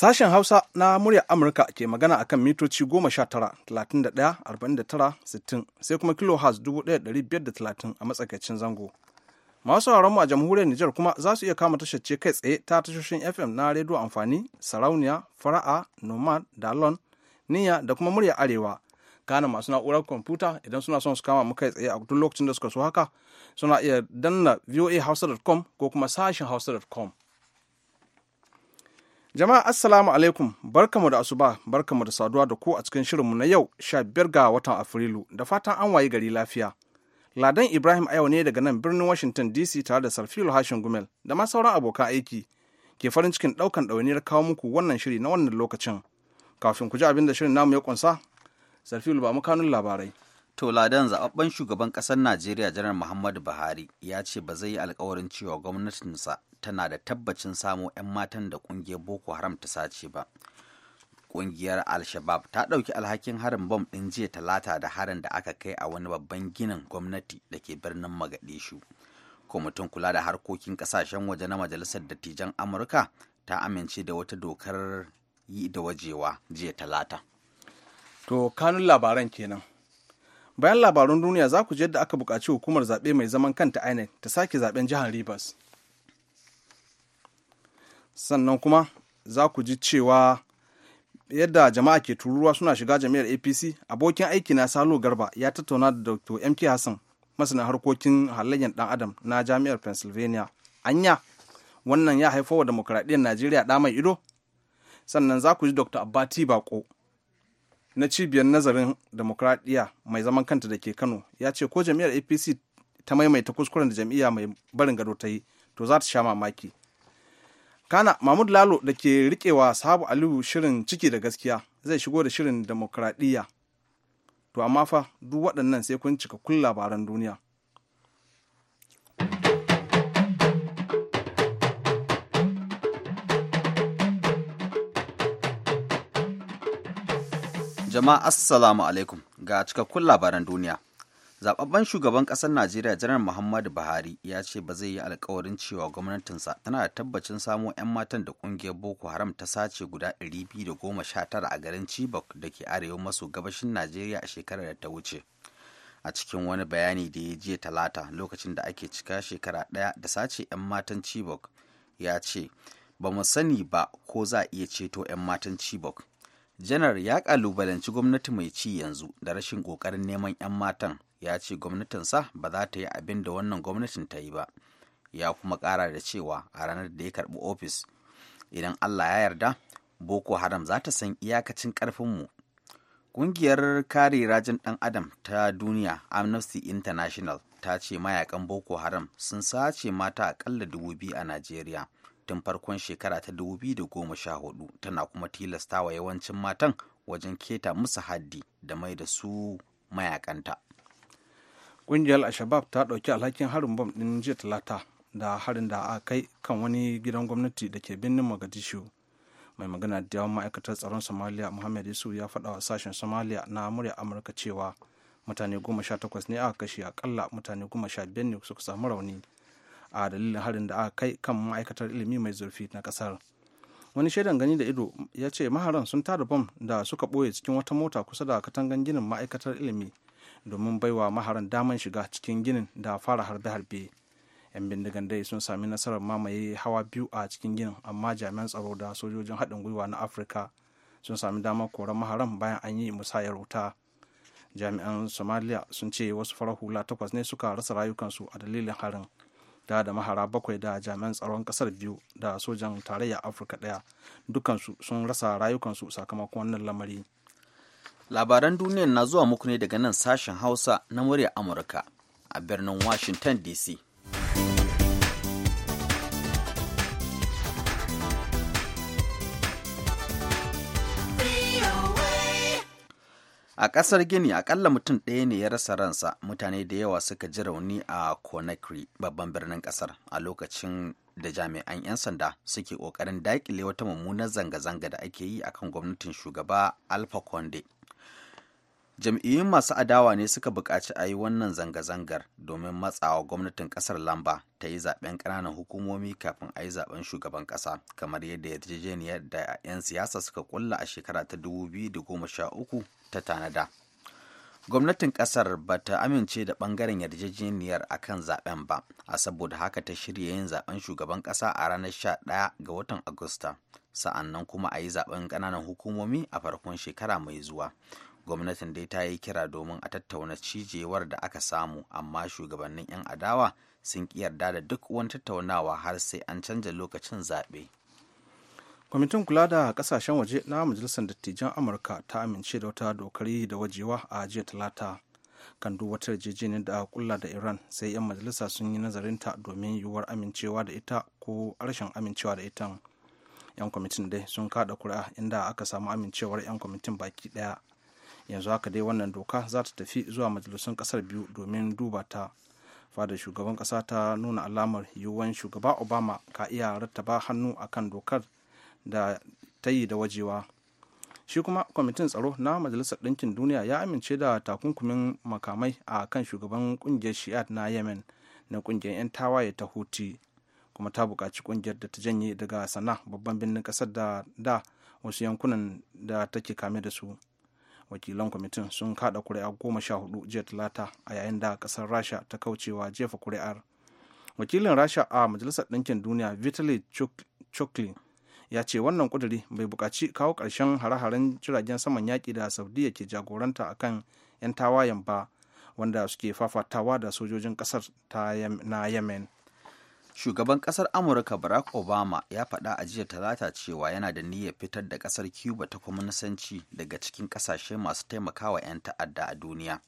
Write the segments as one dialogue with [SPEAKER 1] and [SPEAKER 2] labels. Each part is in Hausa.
[SPEAKER 1] Sashen Hausa na muryar Amurka ke magana a kan mitoci 19-31-49-60 sai kuma kilohertz 1530 a matsakaicin zango. Masu mu a jamhuriyar Nijar kuma za su iya kama tashar kai tsaye ta tashoshin FM na rediyo amfani, sarauniya, fara'a, nomad, dalon, niyya da kuma murya arewa. gana masu na'urar kwamfuta idan suna son su kama mu kai tsaye a duk lokacin da suka so haka suna iya danna voahausa.com ko kuma sashen hausa.com. Jama'a Assalamu alaikum barkamu da asuba barkamu da saduwa da ku a cikin shirinmu na yau Sha biyar ga watan Afrilu da fatan an wayi gari lafiya. Ladan Ibrahim a ne daga nan birnin Washington DC tare da Sarfilu Hashin Gumel da ma sauran abokan aiki ke farin cikin ɗaukan ɗawainiyar kawo muku wannan shiri na wannan lokacin. Kafin ku ji abin da shirin namu ya kunsa, Sarfilu ba mu kanun labarai. To Ladan zaɓaɓɓen shugaban ƙasar Najeriya Janar Muhammadu Buhari ya ce ba zai yi
[SPEAKER 2] alkawarin cewa gwamnatinsa tana da tabbacin samo 'yan matan da ƙungiyar boko haram ta sace ba ƙungiyar al-shabab ta ɗauki alhakin harin bom ɗin jiya talata da harin da aka kai a wani babban ginin gwamnati da ke birnin magadishu kwamitin kula da harkokin ƙasashen waje na majalisar dattijan amurka ta amince da wata dokar
[SPEAKER 1] yi da wajewa jiya talata to kanun labaran kenan bayan labarun duniya za ku je da aka buƙaci hukumar zaɓe mai zaman kanta inec ta sake zaɓen jihar rivers sannan kuma za ku ji cewa yadda jama'a ke tururuwa suna shiga jami'ar apc abokin aiki na salo garba ya tattauna da dr mk hassan masana harkokin halayyar dan adam na jami'ar pennsylvania anya wannan ya haifo wa demokuraɗiyyar najeriya da mai ido sannan za ku ji dr abati bako na cibiyar nazarin demokuraɗiyya mai zaman kanta da ke kano ya ce ko jami'ar apc ta maimaita kuskuren da jami'a mai barin gado ta yi to za ta sha mamaki kana mahmud lalo da ke rikewa sabu aliyu shirin ciki da gaskiya zai shigo da shirin demokradiyya to amma fa duk waɗannan sai kun cika kun labaran duniya
[SPEAKER 2] jama'a assalamu alaikum ga cikakkun labaran duniya zababben shugaban ƙasar najeriya janar muhammadu buhari ya ce ba zai yi alkawarin cewa gwamnatinsa tana da tabbacin samo 'yan matan da ƙungiyar boko haram ta sace guda 219 a garin chibok da ke arewa maso gabashin najeriya a shekarar da ta wuce a cikin wani bayani da ya jiya talata lokacin da ake cika shekara ɗaya da sace 'yan matan chibok ya ce ba mu sani ba ko za a iya ceto 'yan matan chibok janar ya ƙalubalenci gwamnati mai ci yanzu da rashin ƙoƙarin neman 'yan matan ya ce gwamnatinsa ba za ta yi abin da wannan gwamnatin ta yi ba ya kuma ƙara da cewa a ranar da ya karɓi ofis idan allah ya yarda boko haram za ta san iyakacin ƙarfinmu ƙungiyar kare rajin ɗan adam ta duniya amnesty international ta ce mayakan boko haram sun sace mata akalla dubu biyu a najeriya tun farkon shekara ta dubu biyu da goma sha hudu, tana kuma tilasta wa yawancin matan wajen keta musu haddi da mai da su
[SPEAKER 1] mayakanta ƙungiyar al-shabab ta ɗauki alhakin harin bom ɗin jiya talata da harin da aka kai kan wani gidan gwamnati da ke birnin Magadishu. mai magana da yawan ma'aikatar tsaron somalia muhammad yusuf ya faɗa wa sashen somalia na murya amurka cewa mutane goma sha takwas ne aka kashe akalla mutane goma sha biyar ne suka samu rauni a dalilin harin da aka kai kan ma'aikatar ilimi mai zurfi na kasar wani shaidan gani da ido ya ce maharan sun tara bom da suka ɓoye cikin wata mota kusa da katangan ginin ma'aikatar ilimi domin baiwa maharan daman shiga cikin ginin da fara harbe-harbe yan bindigan dai sun sami nasarar mamaye hawa biyu a cikin ginin amma jami'an tsaro da sojojin haɗin gwiwa na afirka sun sami damar koran maharan bayan an yi musayar wuta jami'an somalia sun ce wasu farar hula takwas ne suka rasa rayukansu a dalilin harin da da mahara bakwai da jami'an tsaron kasar biyu da sojan tarayya afirka daya dukansu sun rasa rayukansu sakamakon wannan lamari
[SPEAKER 2] labaran duniyar na zuwa muku ne daga nan sashen hausa na murya amurka a birnin washington dc a ƙasar gini akalla mutum ɗaya ne ya rasa ransa mutane da yawa suka ji rauni a conakry babban birnin ƙasar a lokacin da jami'an 'yan sanda suke ƙoƙarin daƙile wata mummunar zanga-zanga da ake yi akan gwamnatin shugaba alpha conde jam'iyyun masu adawa ne suka buƙaci a yi wannan zanga-zangar domin matsawa gwamnatin ƙasar lamba ta yi zaɓen ƙananan hukumomi kafin a yi zaɓen shugaban ƙasa kamar yadda yarjejeniyar da 'yan siyasa suka kulla a shekara ta 2013 ta tanada gwamnatin ƙasar ba ta amince da ɓangaren yarjejeniyar a kan zaɓen ba a saboda haka ta shirya yin zaɓen shugaban ƙasa a ranar 11 ga watan agusta sa'annan kuma a yi zaɓen ƙananan hukumomi a farkon shekara mai zuwa gwamnatin dai ta yi kira domin a tattauna cijewar da aka samu amma shugabannin 'yan adawa sun ƙi yarda da duk
[SPEAKER 1] wani tattaunawa har sai an canza lokacin zaɓe. kwamitin kula da kasashen waje na majalisar dattijan amurka ta amince da wata dokar yi da wajewa a jiya talata kan duk wata yarjejeniyar da kulla da iran sai 'yan majalisa sun yi nazarin ta domin yiwuwar amincewa da ita ko rashin amincewa da ita 'yan kwamitin dai sun kada kura inda aka samu amincewar 'yan kwamitin baki daya yanzu haka dai wannan doka za ta tafi zuwa majalisun kasar biyu domin duba ta fadar shugaban kasa ta nuna alamar yiwuwan shugaba obama ka iya rattaba hannu akan dokar da ta yi da wajewa shi kuma kwamitin tsaro na majalisar ɗinkin duniya ya amince da takunkumin makamai a kan shugaban ƙungiyar shi'ad na yemen na ƙungiyar 'yan tawaye ta huti kuma ta buƙaci ƙungiyar da ta janye daga sana babban birnin ƙasar da da wasu yankunan da take kame da su wakilan kwamitin sun kada kuri'a goma sha hudu jiya talata a yayin da kasar rasha ta kaucewa jefa kuri'ar wakilin rasha a majalisar ɗinkin duniya vitaly choklin ya ce wannan kuduri bai buƙaci kawo ƙarshen hare-haren jiragen saman yaƙi da saudiya ke jagoranta a kan 'yan tawayen ba wanda suke fafatawa da sojojin ƙasar na yemen
[SPEAKER 2] shugaban kasar amurka barack obama ya faɗa a jiya talata cewa yana da niyyar fitar da kasar cuba ta kwamnisanci daga cikin kasashe masu taimakawa 'yan ta'adda a duniya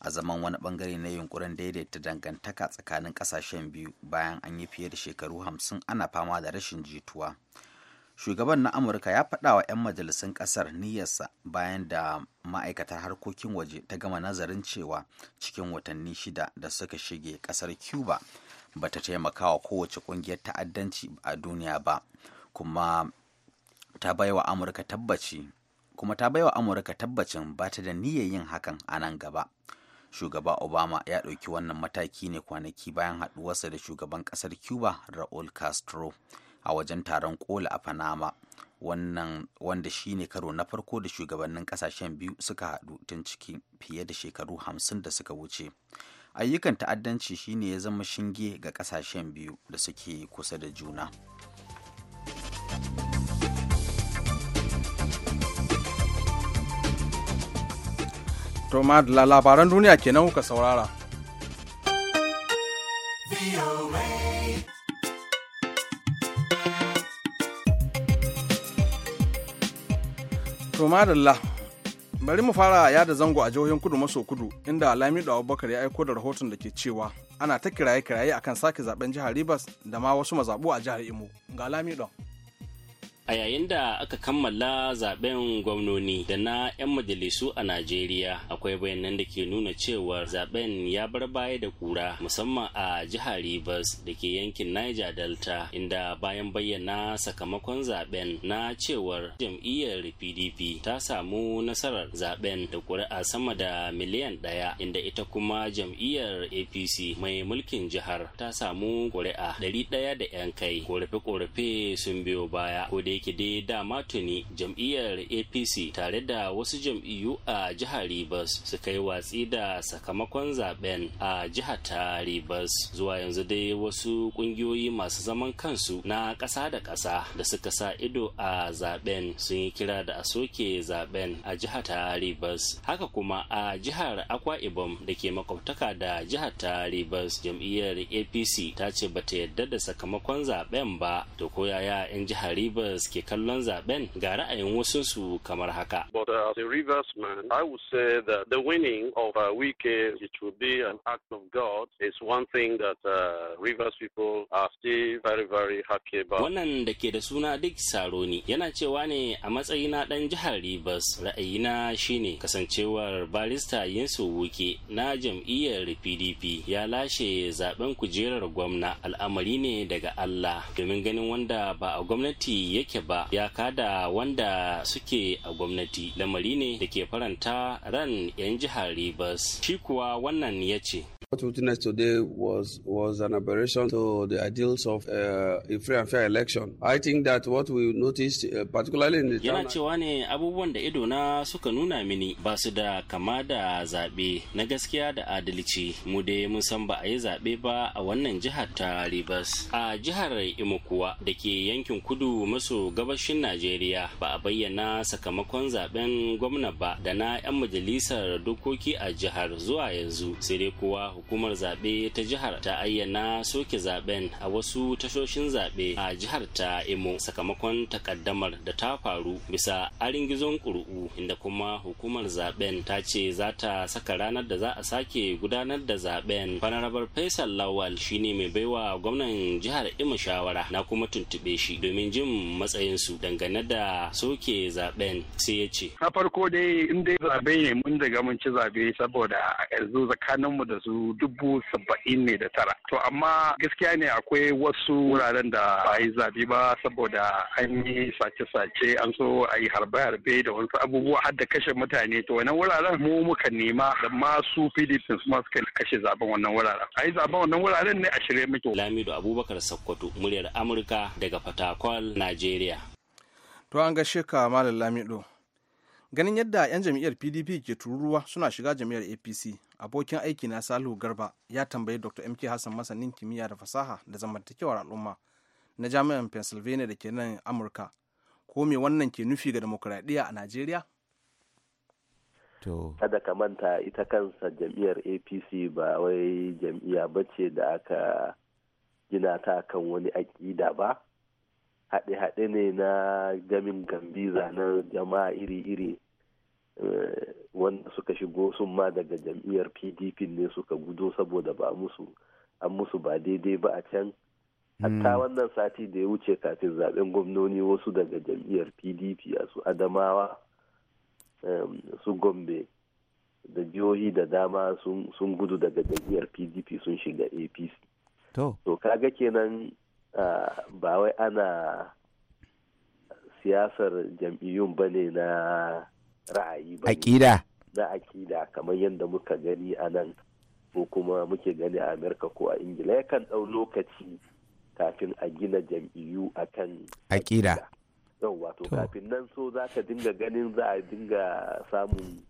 [SPEAKER 2] a zaman wani bangare na yunkurin daidaita dangantaka tsakanin kasashen biyu bayan an yi fiye da shekaru hamsin ana fama da rashin jituwa shugaban na amurka ya faɗa wa 'yan majalisun ƙasar niyyarsa bayan da ma'aikatar harkokin waje ta gama nazarin cewa cikin watanni shida da suka shige ƙasar cuba ba ta taimaka wa kowace kungiyar ta'addanci a duniya ba kuma ta baiwa amurka tabbaci kuma ta baiwa amurka tabbacin ba ta da niyyar yin hakan a nan gaba shugaba obama ya ɗauki wannan mataki ne kwanaki bayan haɗuwarsa da shugaban ƙasar cuba raul castro a wajen taron kola a panama wannan wanda shi ne karo na farko da shugabannin ƙasashen biyu suka haɗu tun ciki fiye da shekaru hamsin da suka wuce ayyukan ta'addanci shine ya zama shinge ga kasashen biyu da suke kusa da juna
[SPEAKER 1] to labaran duniya kenan kuka saurara to bari mu fara yada zango a jihohin kudu maso kudu inda lamido abubakar ya aiko da rahoton da ke cewa ana ta kiraye-kiraye akan sake zaben jihar rivers da ma wasu mazaɓu a jihar imo ga lamido
[SPEAKER 3] a yayin da aka kammala zaben gwamnoni da na 'yan majalisu a najeriya akwai bayanan da ke nuna cewa zaben ya bar baya da kura musamman a jihar rivers da ke yankin niger delta inda bayan bayyana sakamakon zaben na cewar jam'iyyar pdp ta samu nasarar zaben da kuri'a sama da miliyan ɗaya, inda ita kuma jam'iyyar apc mai mulkin jihar ta samu kuri'a 100 da 'yan kai korafe-korafe sun biyo baya ko yake dai dama tuni jam'iyyar apc tare da wasu jam'iyyu a jihar ribas su kai watsi da sakamakon zaben a jihar ta ribas zuwa yanzu dai wasu kungiyoyi masu zaman kansu na ƙasa da ƙasa da suka sa ido a zaben sun yi kira da a soke zaben a jihar ta ribas haka kuma a jihar akwa ibom da ke makwabtaka da jihar ta ribas jam'iyyar apc ta ce bata yarda da sakamakon zaben ba to koyaya 'yan jihar ribas suke kallon zaben ga ra'ayin wasu su kamar haka.
[SPEAKER 4] But uh, as a man I would say the winning of a it an act of God. is one that uh, reverse people
[SPEAKER 3] are still very Wannan da ke da suna duk Saroni yana cewa ne a matsayina ɗan jihar Rivers ra'ayina shine kasancewar barista Yinsu Wuke na jam'iyyar PDP ya lashe zaben kujerar gwamna al'amari ne daga Allah domin ganin wanda ba a gwamnati yake yake ba ya kada wanda suke a gwamnati lamari ne da ke faranta ran 'yan jihar Rivers. Shi kuwa wannan ya ce.
[SPEAKER 5] What witnessed today was was an aberration to the ideals of uh, a free and fair election. I think that what we noticed, uh, particularly in the Yana
[SPEAKER 3] cewa ne abubuwan da idona suka nuna mini ba su da kama da zaɓe na gaskiya da adalci. Mu dai mun san ba a yi zaɓe ba a wannan jihar ta Rivers. A jihar Imokuwa kuwa da ke yankin kudu maso gabashin najeriya ba a bayyana sakamakon zaben gwamna ba da na 'yan majalisar dokoki a jihar zuwa yanzu sai dai kuwa hukumar zaɓe ta jihar ta ayyana soke zaben a wasu tashoshin zaɓe a jihar ta imo sakamakon takaddamar da ta faru bisa gizon ƙuri'u inda kuma hukumar zaben ta ce za ta saka ranar da za a sake gudanar da zaben fanarabar faisal lawal shine mai baiwa gwamnan jihar imo shawara na kuma tuntuɓe shi domin jin matsayinsu dangane da soke
[SPEAKER 6] zaben sai ya ce. Na farko dai in dai zabe ne mun daga mun ci zabe saboda yanzu tsakaninmu da su dubu saba'in ne da tara. To amma gaskiya ne akwai wasu wuraren da ba yi zabe ba saboda an yi sace-sace an so a yi harbe-harbe da wasu abubuwa har da kashe mutane to wannan wuraren mu muka nema da masu Philippines masu kai kashe zaben wannan wuraren. A yi zaben wannan wuraren ne a shirye muke.
[SPEAKER 3] Lamido Abubakar Sokoto muryar Amurka daga Fatakwal, Najeriya. najeriya
[SPEAKER 1] to an gaishe ka malam lamido ganin yadda 'yan jam'iyyar pdp ke tururuwa suna shiga jam'iyyar apc abokin aiki na salihu garba ya tambayi dr mk hassan masanin kimiyya da fasaha da zamantakewar al'umma na jami'an pennsylvania da ke nan amurka ko me wannan ke nufi ga demokuraɗiyya a najeriya
[SPEAKER 4] kada ka manta ita kansa jam'iyyar apc ba wai jam'iyya bace da aka gina ta kan wani aƙida ba haɗe-haɗe ne na gamin gambiza na jama'a iri-iri eh, wanda suka shigo sun ma daga jam'iyyar pdp ne suka gudo saboda ba musu an musu ba daidai ba a can hatta hmm. wannan sati da ya wuce kafin zaben gwamnoni wasu daga jam'iyyar pdp a su adamawa su gombe da jihohi da dama sun gudu daga jam'iyyar pdp sun shiga apc to kaga kenan ba wai ana siyasar jam'iyyun ba ne na ra'ayi ba akida na akida kamar yadda muka gani a nan ko kuma muke gani a amurka ko a ingila yakan ɗau lokaci kafin a gina jam'iyyu a kan aƙida yau wato kafin nan so za ka dinga ganin za a dinga samun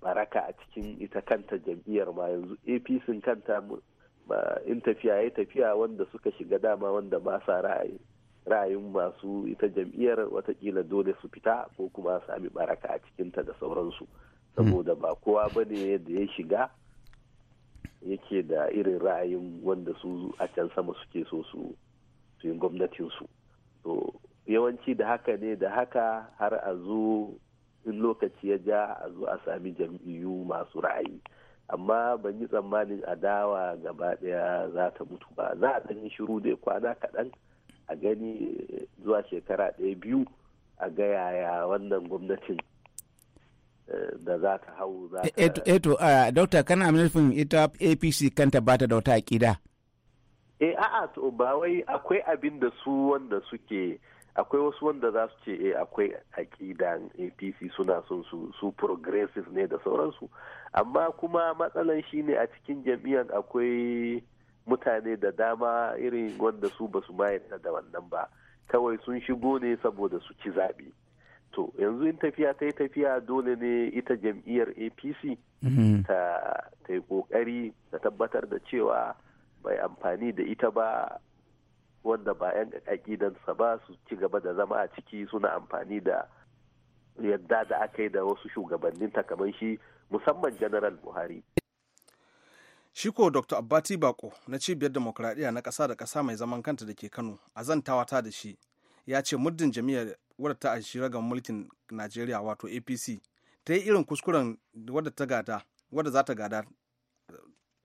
[SPEAKER 4] baraka a cikin ita kanta jam'iyyar ma yanzu apc kanta in tafiya ya tafiya wanda suka shiga dama wanda ba sa ra'ayi ra'ayin masu ita jam'iyyar watakila dole su fita ko kuma sami baraka a cikinta da sauransu saboda ba kowa ba ne da ya shiga yake da irin ra'ayin wanda su a can sama suke so su yi gwamnatinsu to yawanci da haka ne da haka har a zo in lokaci ya ja a zo a sami jam'iyyu masu ra'ayi amma ban yi tsammanin adawa gaba daya za ta mutu ba za a ɗan shiru dai kwana kaɗan a gani eh, zuwa shekara ɗaya biyu a ga yaya wannan gwamnatin eh, da za ta hau za ta eto
[SPEAKER 5] eh, dokta kana nufin ita apc kanta ba ta da wata akida
[SPEAKER 4] e a'a to ba wai akwai abin da su wanda suke akwai wasu wanda za su ce e akwai aƙidan apc suna son su su progressive ne da sauransu amma kuma matsalan ne a cikin jam'iyyar akwai mutane da dama irin wanda su basu su yarda da wannan ba kawai sun shigo ne saboda su ci zaɓe to yanzu in tafiya ta yi tafiya dole ne ita jam'iyyar apc mhm. ta yi ƙoƙari ta tabbatar da cewa bai amfani da ita ba wanda ba 'yan aƙidansa ba su ci gaba da zama a ciki suna amfani da yadda da aka yi da wasu shugabannin ta musamman general buhari
[SPEAKER 1] shi ko dr abbati bako na cibiyar demokradiyya na kasa da kasa mai zaman kanta da ke kano a zantawa ta da shi ya ce muddin jami'ar wadda ta aishi mulkin najeriya wato apc ta yi irin kuskuren wadda ta gada wadda za ta gada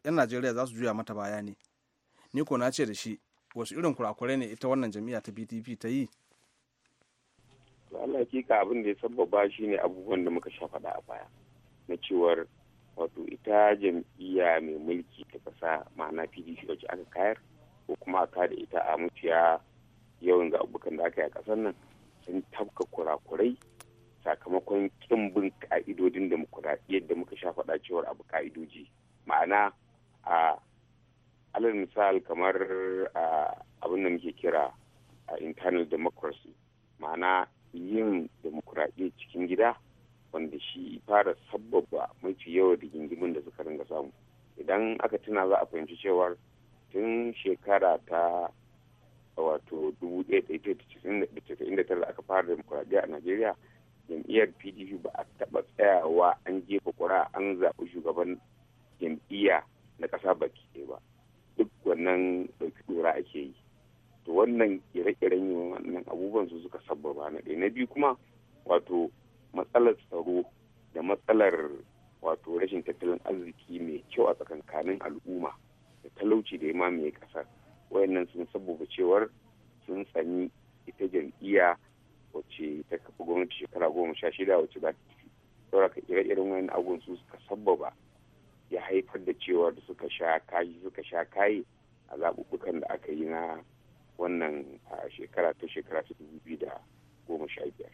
[SPEAKER 1] 'yan najeriya za su juya mata baya ne ni ko na ce da shi wasu irin kurakurai ne ita wannan jami'a ta pdp ta yi
[SPEAKER 7] Allah hakika abin da ya sabbaba shi ne abubuwan da muka sha faɗa a baya na cewar wato ita jam'iyya mai mulki ta kasa ma'ana pdp wacce aka kayar ko kuma aka da ita a mutiya yawan zaɓuɓɓukan da aka yi a ƙasar nan sun tabka kurakurai sakamakon kin bin ka'idodin demokuraɗiyyar da muka sha faɗa cewar abu ka'idoji ma'ana a alal misal kamar abin da muke kira internal democracy ma'ana yin demokuraɗiyyar cikin gida wanda shi fara sabbaba mafi yawan rigingimin da suka ringa samu idan aka tuna za a fahimci cewar tun shekara ta wato 1999 aka fara demokuraɗiyya a najeriya jam'iyyar pdp ba a taɓa tsayawa an jefa ƙura an zaɓi shugaban jam'iyya na ƙasa baki ɗaya ba duk wannan ɗauki ɗora ake yi to wannan ire-iren yin wannan abubuwan su suka sabbaba na ɗaya na biyu kuma wato matsalar tsaro da matsalar wato rashin tattalin arziki mai kyau a tsakankanin al'umma da talauci da ya mamaye ƙasar wayannan sun saboda cewar sun tsani ita jam'iyya wacce ta kafa gwamnati shekara goma sha shida wacce za ta tafi sauraka ire-iren wayan abubuwan su suka sababa ya haifar da cewar suka sha kayi suka sha kayi a zaɓuɓɓukan da aka yi na wannan shekara ta shekara ta dubu biyu da goma sha biyar.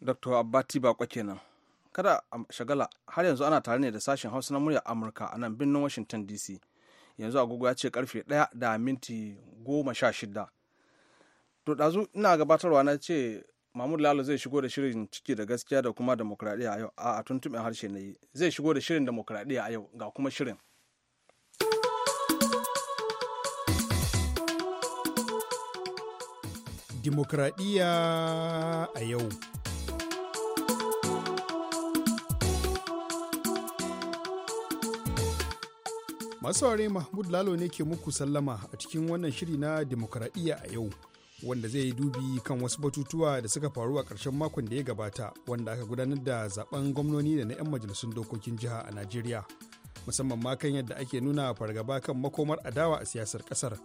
[SPEAKER 1] Dr. Abbati kenan. Kada a shagala har yanzu ana tare ne da sashen Hausa na murya Amurka a nan birnin Washington DC. Yanzu agogo ya ce karfe 1 da minti shida. To ɗazu ina gabatarwa na ce Mahmud Lalo zai shigo da shirin ciki da gaskiya da kuma demokradiyya a yau a tuntuɓin harshe na yi. Zai shigo da shirin demokradiyya
[SPEAKER 6] a yau ga kuma shirin. demokradiyya a yau. masaurare mahmud lalo ne ke muku sallama a cikin wannan shiri na demokradiyya a yau wanda zai yi dubi kan wasu batutuwa da suka faru a ƙarshen makon da ya gabata wanda aka gudanar da zaben gwamnoni da na 'yan majalisun dokokin jiha a najeriya musamman ma kan yadda ake nuna fargaba kan makomar adawa a siyasar ƙasar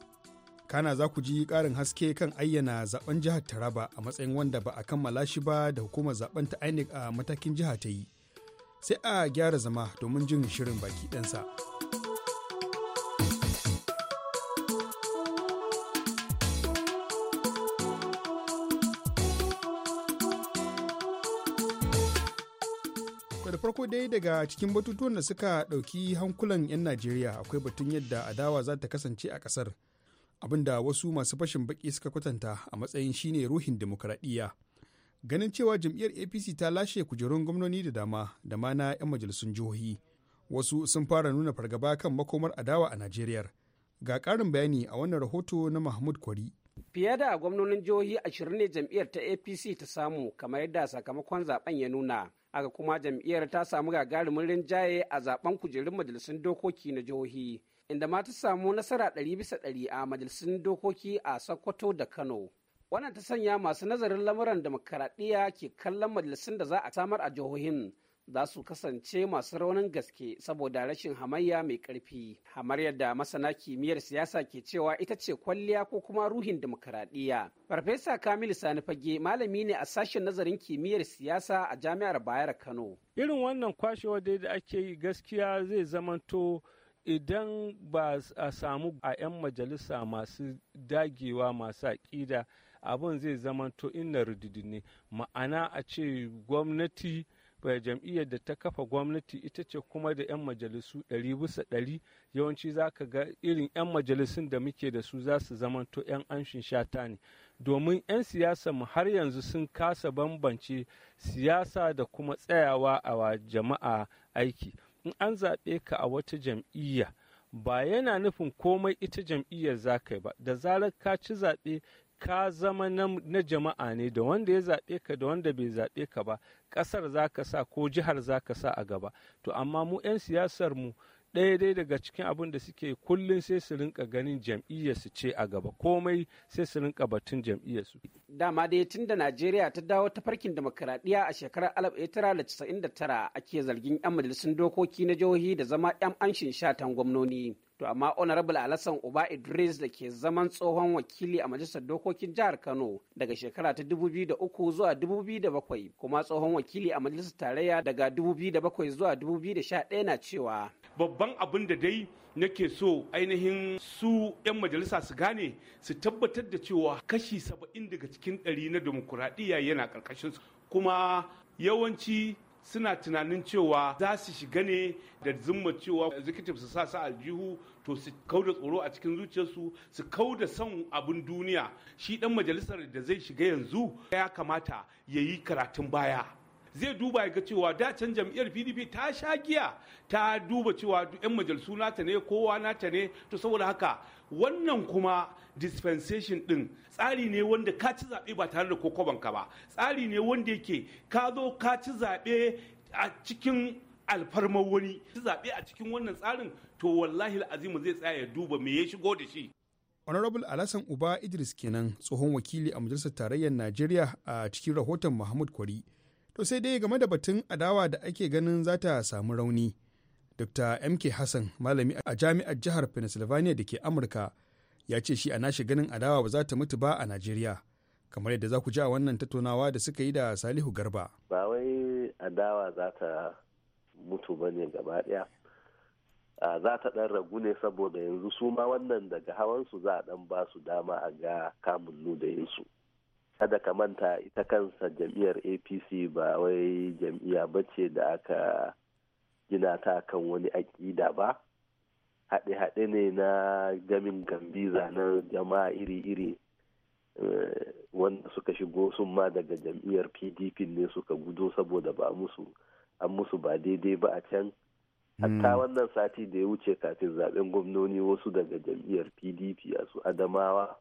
[SPEAKER 6] kana za ku ji ƙarin haske kan ayyana zaben jihar taraba a matsayin wanda ba a kammala shi ba da hukumar zaben ta inec a matakin jiha ta yi sai a gyara zama domin jin shirin baki ɗansa. farko dai daga cikin batutuwan da suka ɗauki hankulan 'yan Najeriya akwai batun yadda adawa za ta kasance a ƙasar. abinda wasu masu fashin baki suka kwatanta a matsayin shine ruhin demokradiyya ganin cewa jam'iyyar apc ta lashe kujerun gwamnoni da dama da ma na 'yan majalisun jihohi wasu sun fara nuna fargaba kan makomar adawa a najeriya ga ƙarin bayani a wannan rahoto na mahmud kwari
[SPEAKER 5] fiye da gwamnonin jihohi ashirin ne jam'iyyar ta apc ta samu kamar yadda sakamakon zaben ya nuna aka kuma jam'iyyar ta samu gagarumin rinjaye a zaben kujerun majalisun dokoki na jihohi inda ma ta samu nasara ɗari bisa ɗari a majalisun dokoki a sokoto da kano wannan ta sanya masu nazarin lamuran demokaradiyya ke kallon majalisun da za a samar a jihohin za su kasance masu raunin gaske saboda rashin hamayya mai ƙarfi hamar yadda masana kimiyyar siyasa ke cewa ita ce kwalliya ko kuma ruhin dimokuraɗiyya farfesa kamil sani fage malami ne a sashen nazarin kimiyyar siyasa a jami'ar bayar kano irin wannan kwashewa dai da ake yi gaskiya
[SPEAKER 8] zai zamanto idan ba a samu a 'yan majalisa masu dagewa masu aƙida abin zai zamanto ina ne, ma'ana a ce gwamnati jam'iyyar da ta kafa gwamnati ita ce kuma da 'yan majalisu ɗari bisa ɗari yawanci za ka ga irin 'yan majalisun da muke da su za su zamanto 'yan anshin shata ne domin 'yan siyasa mu har yanzu sun kasa bambance siyasa da kuma tsayawa a jama'a aiki in an zaɓe ka a wata jam'iyya ba yana nufin komai ita jam'iyyar za ka yi ba da zarar ka ci zaɓe ka zama na jama'a ne da wanda ya zaɓe ka da wanda bai zaɓe ka ba ƙasar za ka sa ko jihar za ka sa a gaba to amma mu 'yan siyasar mu ɗaya dai daga cikin abin da suke kullum sai su rinka ganin jam'iyyarsu ce a gaba komai sai su rinka batun jam'iyyarsu.
[SPEAKER 5] dama dai tun da najeriya ta dawo ta farkin demokaradiyya a shekarar a ake zargin 'yan majalisun dokoki na jihohi da zama 'yan anshin shatan gwamnoni to amma honorable alassan uba idris da ke zaman tsohon wakili a majalisar dokokin jihar kano daga shekara ta 2003 zuwa 2007 kuma tsohon wakili a majalisar tarayya daga 2007 zuwa 2011 na cewa babban abin da dai nake so ainihin su 'yan majalisa su gane
[SPEAKER 8] su tabbatar da cewa kashi saba'in daga cikin ɗari na demokuraɗiyya yana ƙarƙashin kuma yawanci suna tunanin cewa za su shiga ne da zumma cewa executive su sa su aljihu to su kau da tsoro a cikin zuciyarsu su kau da son abin duniya shi dan majalisar da zai shiga yanzu ya kamata ya yi karatun baya zai duba ga cewa da can jam'iyyar pdp ta sha giya ta duba cewa yan majalisu nata ne kowa nata ne to saboda haka wannan kuma dispensation din tsari ne wanda ka ci zaɓe ba tare da kokobanka ba tsari ne wanda yake ka zo ka ci zaɓe a cikin alfarmar wani ci zaɓe a cikin wannan tsarin to wallahi azimu zai tsaya ya duba me ya shigo da shi
[SPEAKER 6] honorable alasan uba idris kenan tsohon wakili a majalisar tarayyar najeriya a cikin rahoton mahmud kwari to sai dai game da batun adawa da ake ganin za ta samu rauni dr mk hassan malami a jami'ar jihar pennsylvania da ke amurka ya ce shi a nashi ganin adawa ba za ta mutu ba a najeriya kamar yadda za ku ji a wannan tattaunawa da suka yi da salihu garba
[SPEAKER 4] ba wai adawa za ta mutu ba ne gaba daya za ta dan ragu ne saboda yanzu su ma wannan daga hawansu za a ɗan ba su dama a ga kamun ludayinsu kada ka manta ita kansa jam'iyyar apc ba wai jam'iyya ce da aka gina ta kan wani aƙida ba haɗe-haɗe ne na gamin gambiza na jama'a iri-iri eh, wanda suka shigo sun ma daga jam'iyyar pdp ne suka gudo saboda ba musu an musu ba daidai ba a can hatta hmm. wannan sati da ya wuce kafin zaben gwamnoni wasu daga jam'iyyar pdp a su adamawa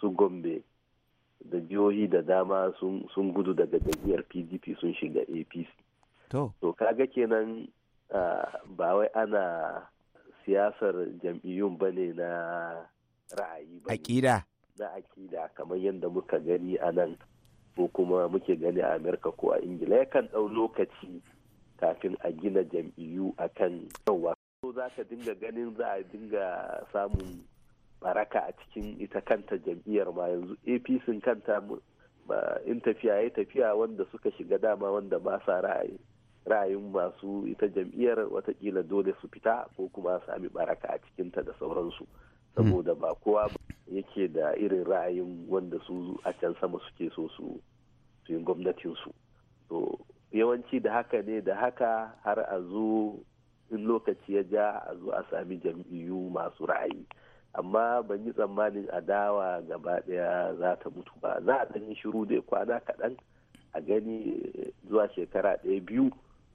[SPEAKER 4] su gombe da jihohi da dama sun gudu daga jam'iyyar pdp sun shiga apc to kaga kenan ba wai ana siyasar jam'iyyun ba ne na ra'ayi ba akida na akida kamar yadda muka gani a nan ko kuma muke gani a amurka ko a ingila yakan ɗau lokaci kafin a gina jam'iyyu akan yawa so za ka dinga ganin za a dinga samun baraka a cikin ita kanta jam'iyyar ma yanzu apc kanta in tafiya ya tafiya wanda suka shiga dama wanda ba sa ra'ayi ra'ayin masu ita jam'iyyar watakila dole su fita ko kuma sami baraka a cikinta da sauransu hmm. saboda ba kowa yake da irin ra'ayin wanda su a can sama suke so su su yi gwamnatinsu to yawanci da haka ne da haka har a zo in lokaci ya ja a zo a sami jam'iyyu masu ra'ayi amma ban yi tsammanin adawa gaba daya za ta mutu ba za a ɗan shiru dai kwana kaɗan a gani eh, zuwa shekara ɗaya biyu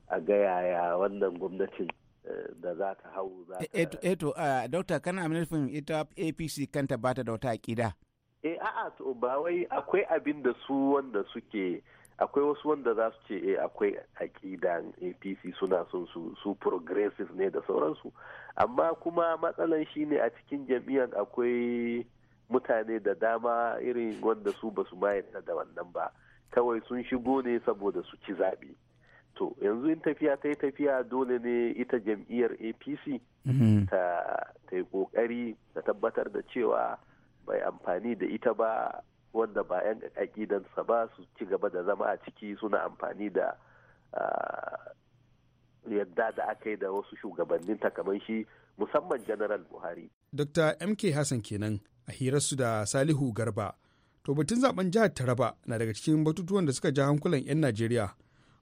[SPEAKER 4] a ga yaya wannan gwamnatin eh, da za ta hau za ta
[SPEAKER 5] eto eh, dauta kana nufin ita apc kanta ba ta da wata aƙida
[SPEAKER 4] eh a'a to ba wai akwai abin da su wanda suke akwai wasu wanda za su ce eh akwai aƙidan apc suna son su su progressive ne da sauransu amma kuma matsalan ne a cikin jam'iyyar akwai mutane da dama irin wanda su ba su da wannan ba kawai sun shigo ne saboda su ci zaɓe to yanzu in tafiya ta yi tafiya dole ne ita jam'iyyar apc mm-hmm. ta yi ƙoƙari ta tabbatar da cewa bai amfani da ita ba wanda ba 'yan aƙidansa ba su ci gaba da zama a ciki suna amfani da yadda da aka yi da wasu shugabannin kamar musamman general buhari
[SPEAKER 6] dr mk hassan kenan a su da salihu garba to batun zaben jihar taraba na daga cikin batutuwan da suka ja hankulan 'yan najeriya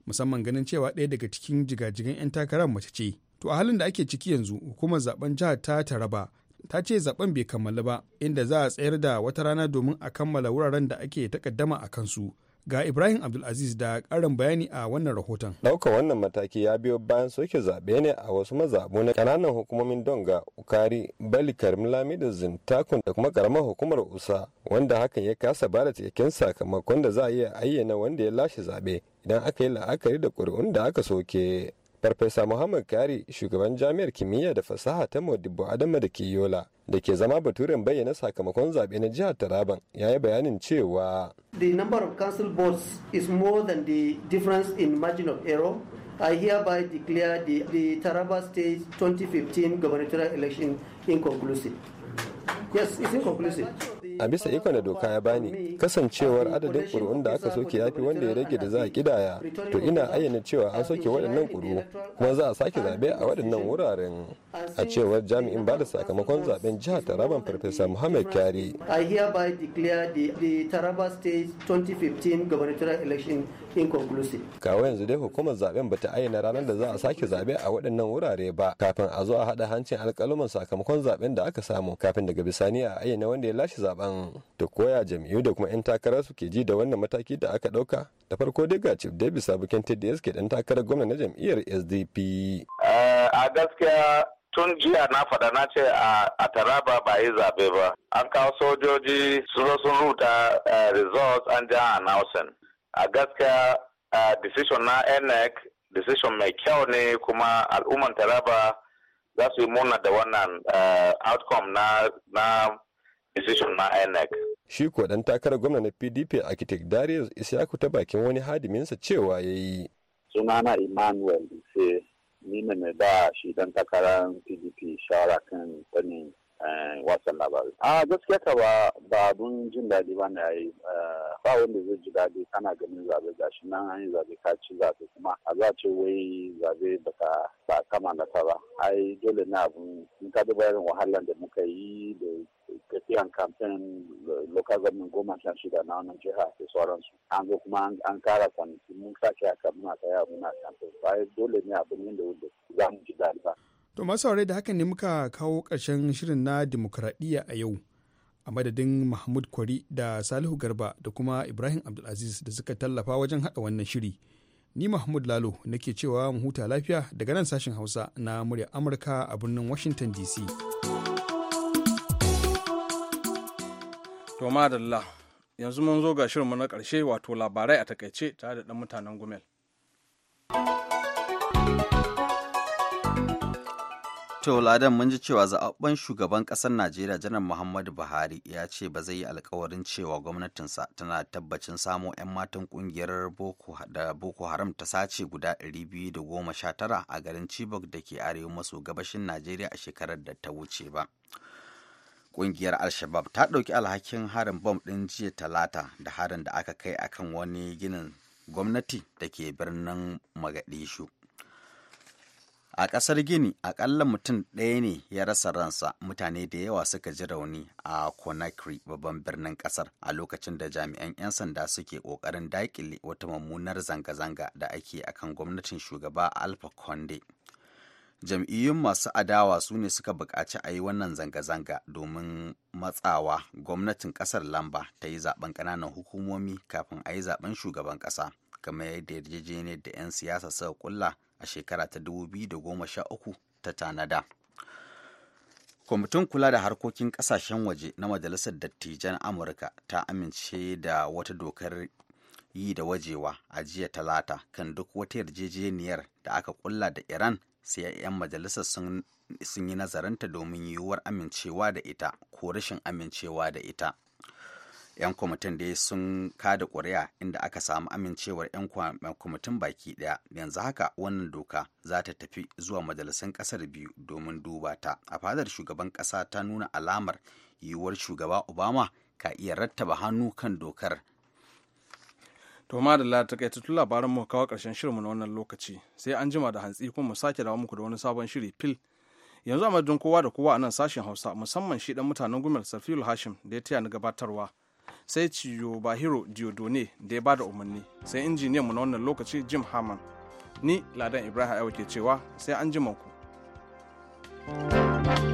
[SPEAKER 6] musamman ganin cewa ɗaya daga cikin jigajigan 'yan takarar mace ce to a halin da ake ciki yanzu hukumar zaben jihar ta taraba ta ce zaben bai kammala ba inda za a tsayar da wata rana domin a kammala wuraren da ake takaddama a kansu ga ibrahim abdulaziz da karin bayani a wannan rahoton
[SPEAKER 9] ɗaukar wannan mataki ya biyo bayan soke zaɓe ne a wasu mazaɓu na ƙananan hukumomin donga ukari bali karmilami da zintakun da kuma ƙaramar hukumar usa wanda hakan ya kasa bada cikakken sakamakon da za a iya ayyana wanda ya lashe zaɓe idan aka yi la'akari da ƙuri'un da aka soke farfesa muhammad kari shugaban jami'ar kimiyya da fasaha ta modibo adama da ke yola da ke zama baturen bayyana sakamakon zaɓe na jihar taraban ya yi bayanin cewa
[SPEAKER 2] the number of council votes is more than the difference in margin of error I hereby declare the, the Taraba State 2015 gubernatorial election inconclusive. Yes, it's inconclusive.
[SPEAKER 9] a bisa ikon da doka ya bani kasancewar adadin ƙuru'un da aka soke ya fi wanda ya rage da za a kidaya to ina ayyana cewa an soke waɗannan ƙuru'u kuma za a sake zaɓe a waɗannan wuraren a cewar jami'in ba da sakamakon zaben jihar taraban farfesa muhammad kyari
[SPEAKER 2] i hereby declare the, the taraba state 2015 gubernatorial election inconclusive
[SPEAKER 9] kawo yanzu dai hukumar zaben bata ayyana ranar da za a sake zabe a waɗannan wurare ba kafin a zo a haɗa hancin alƙaluman sakamakon zaben da aka samu kafin daga bisani a ayyana wanda ya lashe zaben da koya jam'iyyu da kuma 'yan takarar su ke ji da wannan mataki da aka ɗauka da farko dai ga chief davis abokin tds ke dan takarar gwamna na jam'iyyar sdp
[SPEAKER 4] a gaskiya tun jiya na faɗa na ce a taraba ba yi zaɓe ba an kawo sojoji sun sun ruta eh, results an ja announcing a gaskiya eh, decision na enec decision mai kyau ne kuma al'umman taraba za su yi murna da wannan eh, outcome na na decision na enec
[SPEAKER 9] shi ko dan takarar gwamna na pdp architect darius isyaku ta bakin wani hadiminsa cewa ya yi
[SPEAKER 4] sunana emmanuel sai ni ne mai ba shi dan takarar pdp shawara kan tsanin Eh, wasan labarai. A gaskiya ka ba ba don jin daɗi ba na yi eh, ba wanda zai ji daɗi kana ganin zabe gashi nan an yi zabe ka ci zabe kuma a za ce wai zabe baka ba kama na ta ba. Ai dole na abu in ka duba irin wahalar da muka yi da tafiyan kamfen local government goma sha shida na wannan jiha da sauransu an zo kuma an kara kwanaki mun sake haka muna tsaya muna kamfen ba dole ne abin yin da wanda za mu ji daɗi ba.
[SPEAKER 6] To masu aure da haka ne muka kawo ƙarshen shirin na dimokuraɗiyya a yau. A madadin Mahmud Kwari da Salihu Garba da kuma Ibrahim Abdulaziz da suka tallafa wajen haɗa wannan shiri. Ni Mahmud Lalo nake cewa mu huta lafiya daga nan sashen Hausa na murya Amurka a birnin Washington DC.
[SPEAKER 1] To madalla yanzu mun zo ga shirinmu na karshe wato labarai a takaice tare da ɗan mutanen Gumel.
[SPEAKER 2] To Ladan mun ji cewa zaɓaɓɓen shugaban ƙasar Najeriya Janar Muhammadu Buhari ya ce ba zai yi alkawarin cewa gwamnatinsa tana tabbacin samo 'yan matan ƙungiyar Boko Haram ta sace guda 219 a garin Chibok da ke arewa maso gabashin Najeriya a shekarar da ta wuce ba. Ƙungiyar al shabab ta ɗauki alhakin harin bom ɗin jiya talata da harin da aka kai akan wani ginin gwamnati da ke birnin Magadishu. a ƙasar gini aƙalla mutum ɗaya ne ya rasa ransa mutane da yawa suka ji rauni a conakry babban birnin ƙasar a lokacin da jami'an 'yan sanda suke ƙoƙarin daƙile wata mummunar zanga-zanga da ake akan gwamnatin shugaba alpha conde jam'iyyun masu adawa su ne suka buƙaci a yi wannan zanga-zanga domin matsawa gwamnatin ƙasar lamba ta yi zaben ƙananan hukumomi kafin a yi zaben shugaban ƙasa kamar yadda yarjejeniyar da 'yan siyasa suka kulla a shekara ta 2013 ta tanada. kwamitin kula da harkokin kasashen waje na majalisar dattijan amurka ta amince da wata dokar yi da wajewa a jiya talata kan duk wata yarjejeniyar da aka kulla da iran sai 'yan majalisar sun yi nazarinta domin yiwuwar amincewa da ita ko rashin amincewa da ita 'yan kwamitin dai sun kada ƙuri'a inda aka samu amincewar 'yan kwamitin baki ɗaya yanzu haka wannan doka za ta tafi zuwa majalisun kasar biyu domin duba ta a fadar shugaban ƙasa ta nuna alamar yiwuwar shugaba obama ka iya rattaba hannu kan dokar
[SPEAKER 1] to ma da tutu labaran mu kawo ƙarshen shirinmu na wannan lokaci sai an jima da hantsi kuma mu sake dawo muku da wani sabon shiri fil yanzu a madadin kowa da kowa a nan sashen hausa musamman shi dan mutanen gumel safiul hashim da ya taya ni gabatarwa sai Chiyobahiro Diodone da ya ba da umarni sai injiniyanmu na wannan lokaci Jim haman Ni Ladan Ibrahim Ayo ke cewa sai an jima ku. thank you